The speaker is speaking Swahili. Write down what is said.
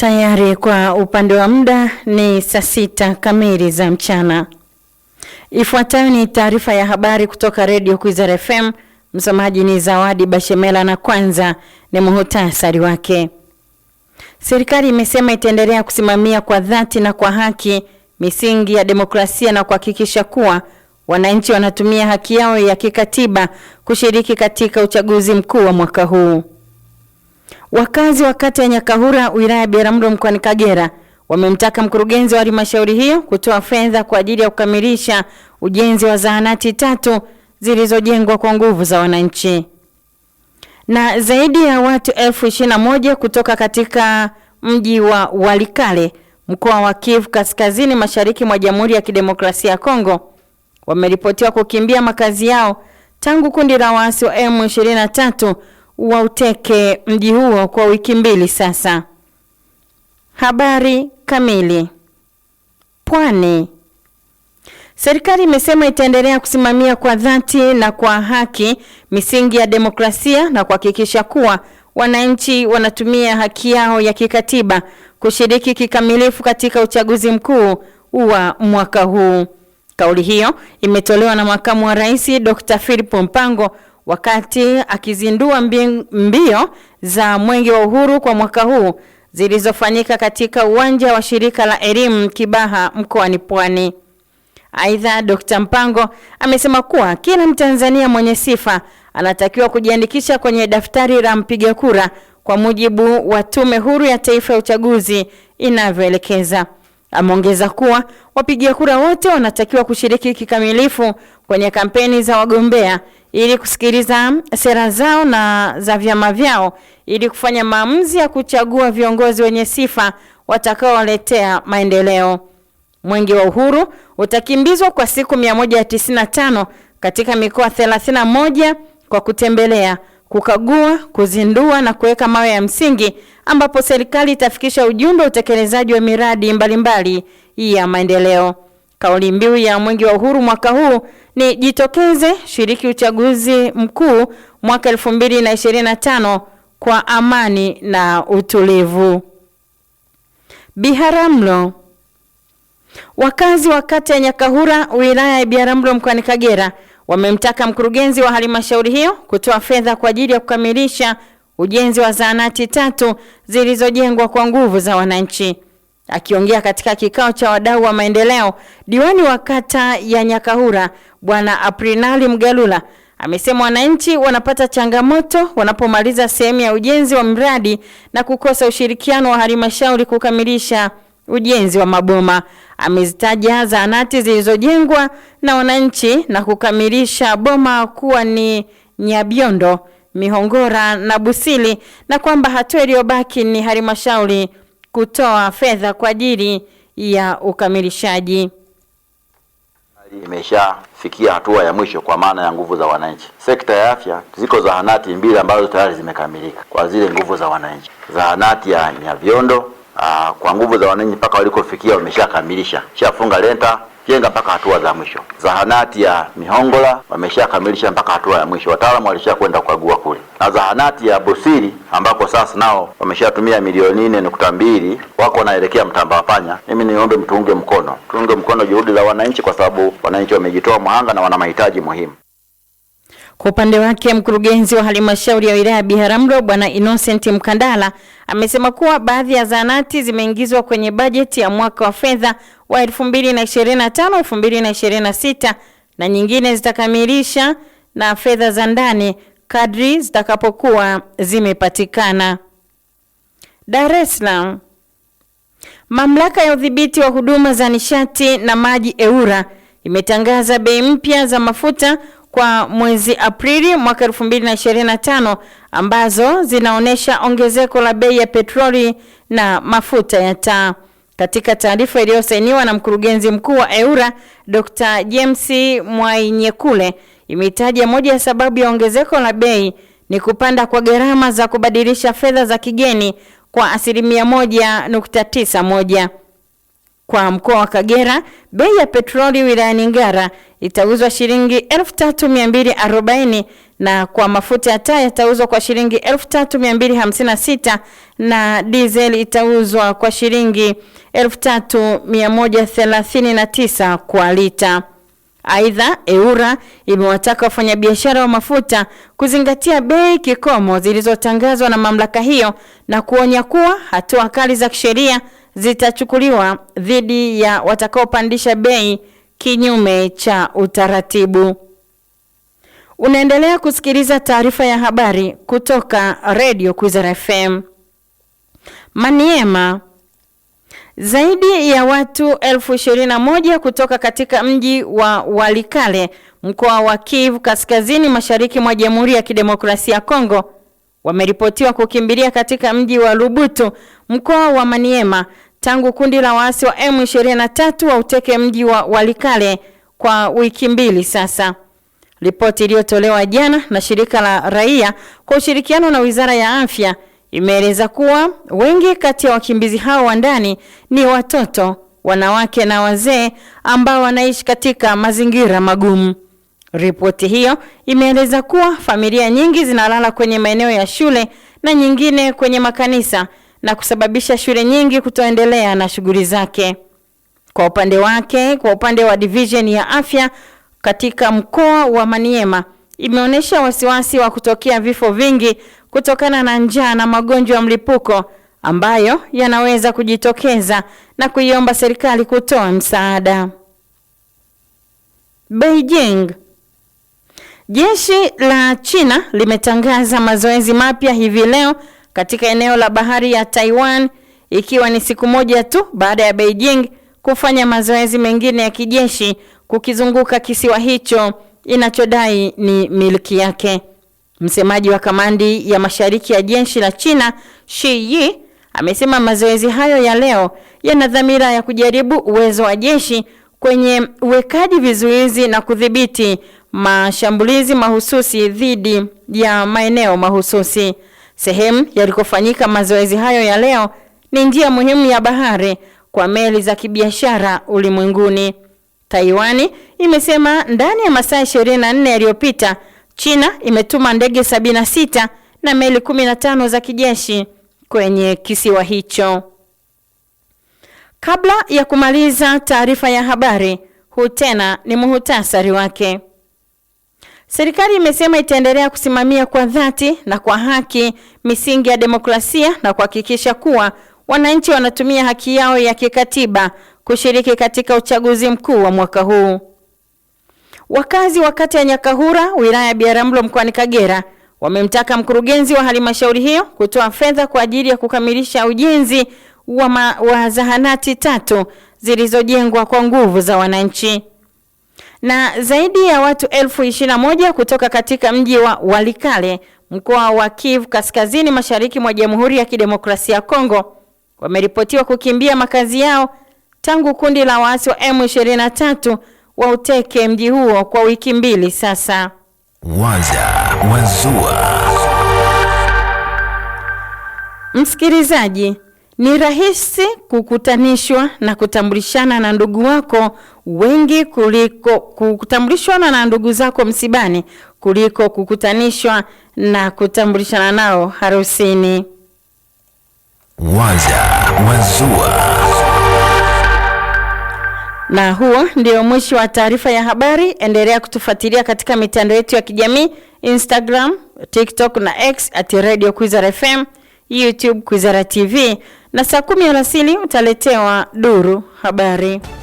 Tayari kwa upande wa muda ni saa sita kamili za mchana. Ifuatayo ni taarifa ya habari kutoka Redio Kwizera FM. Msomaji ni Zawadi Bashemela na kwanza ni muhutasari wake. Serikali imesema itaendelea kusimamia kwa dhati na kwa haki misingi ya demokrasia na kuhakikisha kuwa wananchi wanatumia haki yao ya kikatiba kushiriki katika uchaguzi mkuu wa mwaka huu. Wakazi wa kata ya Nyakahura wilaya ya Biharamulo mkoani Kagera wamemtaka mkurugenzi wa halmashauri hiyo kutoa fedha kwa ajili ya kukamilisha ujenzi wa zahanati tatu zilizojengwa kwa nguvu za wananchi. Na zaidi ya watu elfu ishirini na moja kutoka katika mji wa Walikale mkoa wa Kivu kaskazini mashariki mwa Jamhuri ya Kidemokrasia ya Kongo wameripotiwa kukimbia makazi yao tangu kundi la waasi wa M23 wauteke mji huo kwa wiki mbili sasa. Habari kamili. Pwani. Serikali imesema itaendelea kusimamia kwa dhati na kwa haki misingi ya demokrasia na kuhakikisha kuwa wananchi wanatumia haki yao ya kikatiba kushiriki kikamilifu katika uchaguzi mkuu wa mwaka huu. Kauli hiyo imetolewa na makamu wa rais Dr. Philip Mpango wakati akizindua mbio za Mwenge wa Uhuru kwa mwaka huu zilizofanyika katika uwanja wa shirika la elimu Kibaha mkoani Pwani. Aidha, Dr. Mpango amesema kuwa kila Mtanzania mwenye sifa anatakiwa kujiandikisha kwenye daftari la mpiga kura kwa mujibu wa Tume Huru ya Taifa ya Uchaguzi inavyoelekeza. Ameongeza kuwa wapiga kura wote wanatakiwa kushiriki kikamilifu kwenye kampeni za wagombea ili kusikiliza sera zao na za vyama vyao ili kufanya maamuzi ya kuchagua viongozi wenye sifa watakaowaletea maendeleo. Mwenge wa Uhuru utakimbizwa kwa siku 195 katika mikoa 31 kwa kutembelea kukagua, kuzindua na kuweka mawe ya msingi ambapo serikali itafikisha ujumbe wa utekelezaji wa miradi mbalimbali mbali ya maendeleo. Kauli mbiu ya Mwenge wa Uhuru mwaka huu ni jitokeze, shiriki uchaguzi mkuu mwaka 2025 kwa amani na utulivu. biharamlo Wakazi wa kata ya Nyakahura wilaya ya biharamlo mkoani Kagera Wamemtaka mkurugenzi wa halmashauri hiyo kutoa fedha kwa ajili ya kukamilisha ujenzi wa zahanati tatu zilizojengwa kwa nguvu za wananchi. Akiongea katika kikao cha wadau wa maendeleo, diwani wa kata ya Nyakahura Bwana Aprinali Mgalula amesema wananchi wanapata changamoto wanapomaliza sehemu ya ujenzi wa mradi na kukosa ushirikiano wa halmashauri kukamilisha ujenzi wa maboma. Amezitaja zahanati zilizojengwa na wananchi na kukamilisha boma kuwa ni Nyabiondo, Mihongora na Busili, na kwamba hatua iliyobaki ni halmashauri kutoa fedha kwa ajili ya ukamilishaji. Hali imeshafikia hatua ya mwisho kwa maana ya nguvu za wananchi. Sekta ya afya, ziko zahanati mbili ambazo tayari zimekamilika kwa zile nguvu za wananchi, zahanati ya Nyabiondo aa, ah, kwa nguvu za wananchi mpaka walikofikia wameshakamilisha, shafunga lenta jenga mpaka hatua za mwisho. Zahanati ya Mihongola wameshakamilisha mpaka hatua ya mwisho, wataalamu walishakwenda kukagua kule, na zahanati ya Busiri ambako sasa nao wameshatumia milioni nne nukta mbili wako wanaelekea mtambaa panya. Mimi niombe mtuunge mkono, tuunge mkono juhudi za wananchi, kwa sababu wananchi wamejitoa mhanga na wana mahitaji muhimu. Kwa upande wake mkurugenzi wa halmashauri ya wilaya ya Biharamulo Bwana Innocent Mkandala amesema kuwa baadhi ya zahanati zimeingizwa kwenye bajeti ya mwaka wa fedha wa 2025 2026 na nyingine zitakamilisha na fedha za ndani kadri zitakapokuwa zimepatikana. Dar es Salaam, mamlaka ya udhibiti wa huduma za nishati na maji EWURA imetangaza bei mpya za mafuta kwa mwezi Aprili mwaka 2025 ambazo zinaonyesha ongezeko la bei ya petroli na mafuta ya taa. Katika taarifa iliyosainiwa na mkurugenzi mkuu wa EWURA Dr. James Mwainyekule, imetaja moja ya sababu ya ongezeko la bei ni kupanda kwa gharama za kubadilisha fedha za kigeni kwa asilimia moja nukta tisa moja. Kwa mkoa wa Kagera, bei ya petroli wilayani Ngara itauzwa shilingi 3240 na kwa mafuta ya taa yatauzwa kwa shilingi 3256 na diesel itauzwa kwa shilingi 3139 kwa lita. Aidha, EWURA imewataka wafanyabiashara wa mafuta kuzingatia bei kikomo zilizotangazwa na mamlaka hiyo na kuonya kuwa hatua kali za kisheria zitachukuliwa dhidi ya watakaopandisha bei kinyume cha utaratibu. Unaendelea kusikiliza taarifa ya habari kutoka Radio Kwizera FM. Maniema, zaidi ya watu elfu ishirini na moja kutoka katika mji wa Walikale mkoa wa Kivu kaskazini mashariki mwa Jamhuri ya Kidemokrasia ya Kongo wameripotiwa kukimbilia katika mji wa Lubutu mkoa wa Maniema tangu kundi la waasi wa M23 wauteke mji wa Walikale kwa wiki mbili sasa. Ripoti iliyotolewa jana na shirika la raia kwa ushirikiano na Wizara ya Afya imeeleza kuwa wengi kati ya wakimbizi hao wa ndani ni watoto, wanawake na wazee ambao wanaishi katika mazingira magumu. Ripoti hiyo imeeleza kuwa familia nyingi zinalala kwenye maeneo ya shule na nyingine kwenye makanisa na kusababisha shule nyingi kutoendelea na shughuli zake. Kwa upande wake, kwa upande wa division ya afya katika mkoa wa Maniema imeonyesha wasiwasi wa kutokea vifo vingi kutokana na njaa na magonjwa ya mlipuko ambayo yanaweza kujitokeza na kuiomba serikali kutoa msaada. Beijing Jeshi la China limetangaza mazoezi mapya hivi leo katika eneo la bahari ya Taiwan ikiwa ni siku moja tu baada ya Beijing kufanya mazoezi mengine ya kijeshi kukizunguka kisiwa hicho inachodai ni miliki yake. Msemaji wa kamandi ya mashariki ya jeshi la China, Shi Yi, amesema mazoezi hayo ya leo yana dhamira ya kujaribu uwezo wa jeshi kwenye uwekaji vizuizi na kudhibiti mashambulizi mahususi dhidi ya maeneo mahususi. Sehemu yalikofanyika mazoezi hayo ya leo ni njia muhimu ya bahari kwa meli za kibiashara ulimwenguni. Taiwani imesema ndani ya masaa 24 yaliyopita China imetuma ndege 76 na meli 15 za kijeshi kwenye kisiwa hicho. Kabla ya kumaliza taarifa ya habari, huu tena ni muhutasari wake. Serikali imesema itaendelea kusimamia kwa dhati na kwa haki misingi ya demokrasia na kuhakikisha kuwa wananchi wanatumia haki yao ya kikatiba kushiriki katika uchaguzi mkuu wa mwaka huu. Wakazi wa kata ya Nyakahura, wilaya ya Biharamulo, mkoani Kagera wamemtaka mkurugenzi wa halmashauri hiyo kutoa fedha kwa ajili ya kukamilisha ujenzi wa, wa zahanati tatu zilizojengwa kwa nguvu za wananchi na zaidi ya watu elfu ishirini na moja kutoka katika mji wa Walikale mkoa wa Kivu kaskazini mashariki mwa Jamhuri ya Kidemokrasia ya Kongo wameripotiwa kukimbia makazi yao tangu kundi la waasi wa M23 wa uteke mji huo kwa wiki mbili sasa. Waza Wazua, msikilizaji ni rahisi kukutanishwa na kutambulishana na ndugu wako wengi kuliko kutambulishana na ndugu zako msibani kuliko kukutanishwa na kutambulishana nao harusini. Waza Wazua. Na huo ndio mwisho wa taarifa ya habari. Endelea kutufuatilia katika mitandao yetu ya kijamii Instagram, TikTok na X at Radio Kwizera FM, YouTube Kwizera TV na saa kumi alasiri utaletewa duru habari.